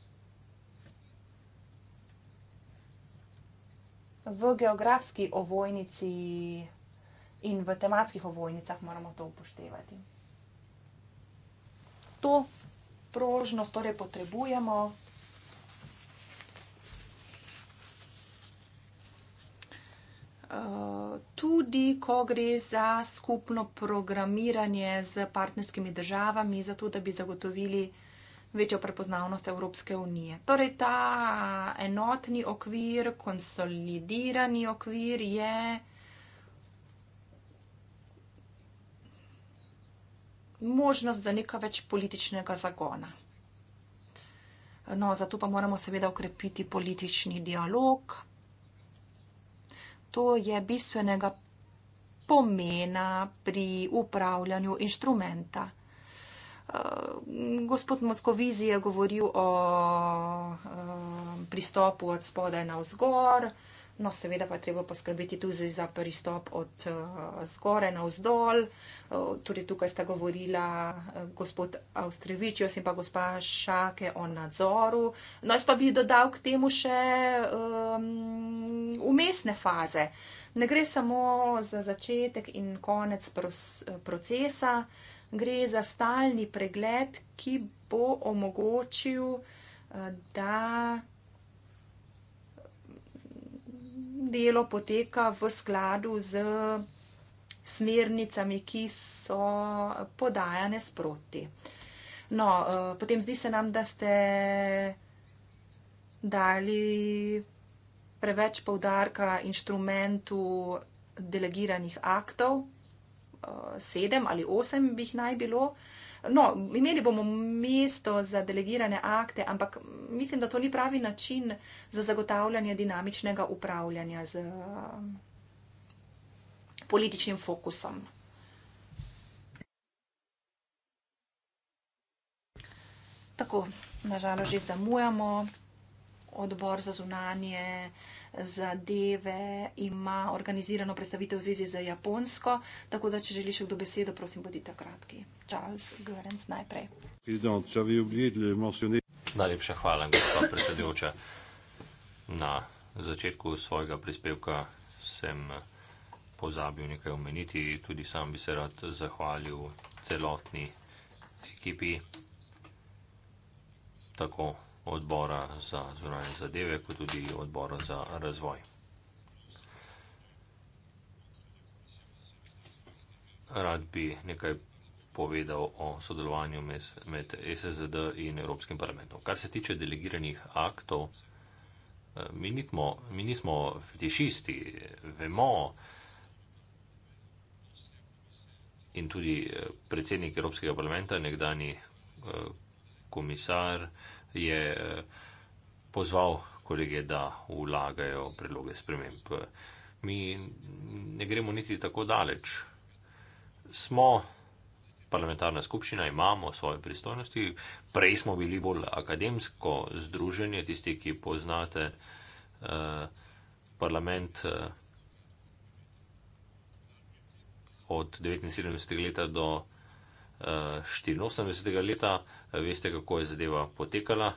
v geografski ovojnici in v tematskih ovojnicah moramo to upoštevati to prožnost torej potrebujemo. Eh, tudi, ko gre za skupno programiranje z partnerskimi državami, zato da bi zagotovili večjo prepoznavnost Evropske unije. Torej, ta enotni okvir, konsolidirani okvir je. možnost za nekaj več političnega zagona. No, zato pa moramo seveda ukrepiti politični dialog. To je bistvenega pomena pri upravljanju inštrumenta. Uh, gospod Moskovizi je govoril o uh, pristopu od spodaj na vzgor, No, seveda pa je treba poskrbeti tudi za pristop od uh, zgore na vzdolj. Uh, eh, tudi tukaj sta govorila uh, gospod Avstrevičjos in pa gospa Šake o nadzoru. No, jaz pa bi dodal k temu še um, ehm, umestne faze. Ne gre samo za začetek in konec procesa, gre za stalni pregled, ki bo omogočil, uh, da. delo poteka v skladu z smernicami, ki so podajane sproti. No, eh, potem zdi se nam, da ste dali preveč povdarka inštrumentu delegiranih aktov, eh, sedem ali osem bi jih naj bilo. No, imeli bomo mesto za delegirane akte, ampak mislim, da to ni pravi način za zagotavljanje dinamičnega upravljanja z eh, političnim fokusom. Tako, nažalost, že zamujamo odbor za zunanje zadeve ima organizirano predstavitev v zvezi z Japonsko. Tako da, če želiš kdo besedo, prosim, bodite kratki. Charles Gorens najprej. Najlepša hvala, gospod predsedujoča. Na začetku svojega prispevka sem pozabil nekaj omeniti. Tudi sam bi se rad zahvalil celotni ekipi. Tako odbora za zunanje zadeve, kot tudi odbora za razvoj. Rad bi nekaj povedal o sodelovanju med SSD in Evropskim parlamentom. Kar se tiče delegiranih aktov, eh, mi, nitmo, mi nismo fetišisti, vemo in tudi eh, predsednik Evropskega parlamenta, nekdani eh, komisar, je eh, pozval kolege, da vlagajo predloge sprememb. Mi ne gremo niti tako daleč. Smo parlamentarna skupščina, imamo svoje pristojnosti, prej smo bili bolj akademsko združenje, tisti, ki poznate eh, parlament eh, od 79. leta do 84. leta. Veste, kako je zadeva potekala?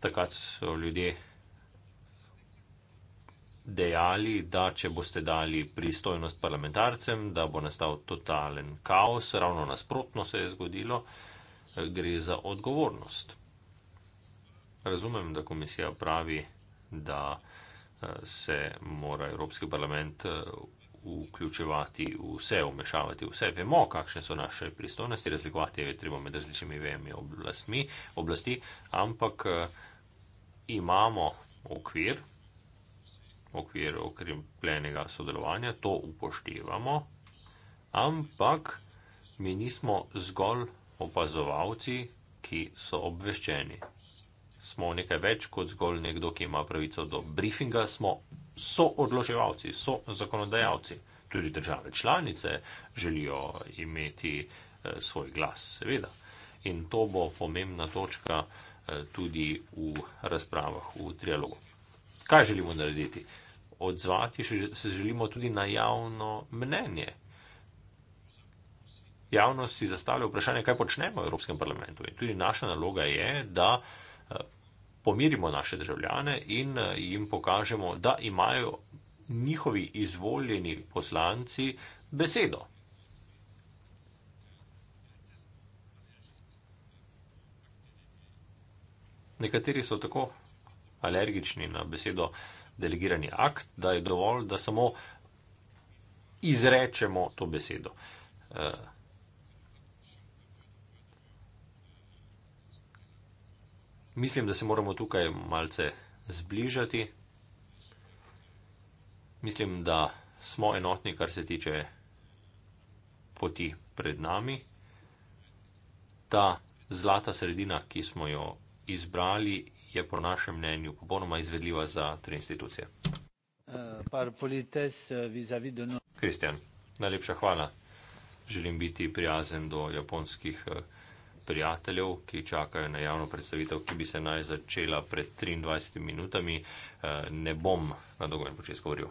Takrat so ljudje dejali, da če boste dali pristojnost parlamentarcem, da bo nastal totalen kaos, ravno nasprotno se je zgodilo, gre za odgovornost. Razumem, da komisija pravi, da eh, se mora Evropski parlament eh, vključevati vse, umešavati vse. Vemo, kakšne so naše pristojnosti, razlikovati je treba med različnimi vejami oblasti, oblasti, ampak eh, imamo okvir, okvir okrepljenega sodelovanja, to upoštevamo, ampak mi nismo zgolj opazovalci, ki so obveščeni. Smo nekaj več kot zgolj nekdo, ki ima pravico do briefinga, smo so odločevalci, so zakonodajalci. Tudi države članice želijo imeti eh, svoj glas, seveda. In to bo pomembna točka eh, tudi v razpravah, v trialogu. Kaj želimo narediti? Odzvati se želimo tudi na javno mnenje. Javnost si zastavlja vprašanje, kaj počnemo v Evropskem parlamentu. In tudi naša naloga je, da eh, pomirimo naše državljane in eh, jim pokažemo, da imajo njihovi izvoljeni poslanci besedo. Nekateri so tako alergični na besedo delegirani akt, da je dovolj, da samo izrečemo to besedo. Eh, Mislim, da se moramo tukaj malce zbližati. Mislim, da smo enotni, kar se tiče poti pred nami. Ta zlata sredina, ki smo jo izbrali, je po našem mnenju popolnoma izvedljiva za tri institucije. Eh, Kristjan, najlepša hvala. Želim biti prijazen do japonskih. Uh, prijateljev, ki čakajo na javno predstavitev, ki bi se naj začela pred 23 minutami, eh, ne bom na dolgo in počes govoril.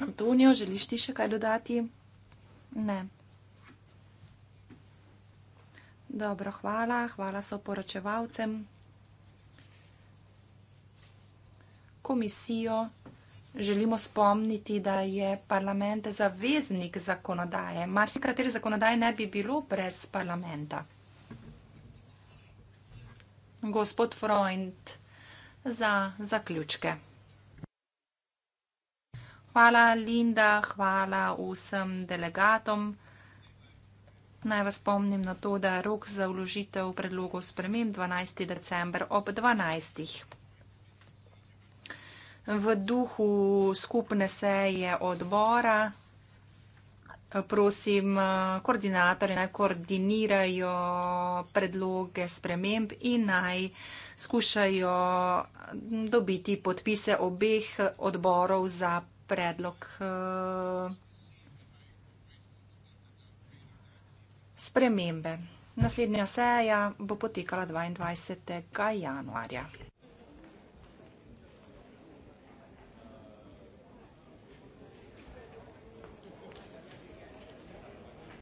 Antonijo, želiš ti še kaj dodati? Ne. Dobro, hvala. Hvala so poročevalcem. Komisijo Želimo spomniti, da je parlament zaveznik zakonodaje. Marsikateri zakonodaj ne bi bilo brez parlamenta. Gospod Freund, za zaključke. Hvala Linda, hvala vsem delegatom. Naj vas spomnim na to, da rok za vložitev predlogov sprememb 12. december ob 12 v duhu skupne seje odbora. Eh, prosim, eh, koordinatorje naj koordinirajo predloge sprememb in naj skušajo mm, dobiti podpise obeh odborov za predlog eh, spremembe. Naslednja seja bo potekala 22. januarja.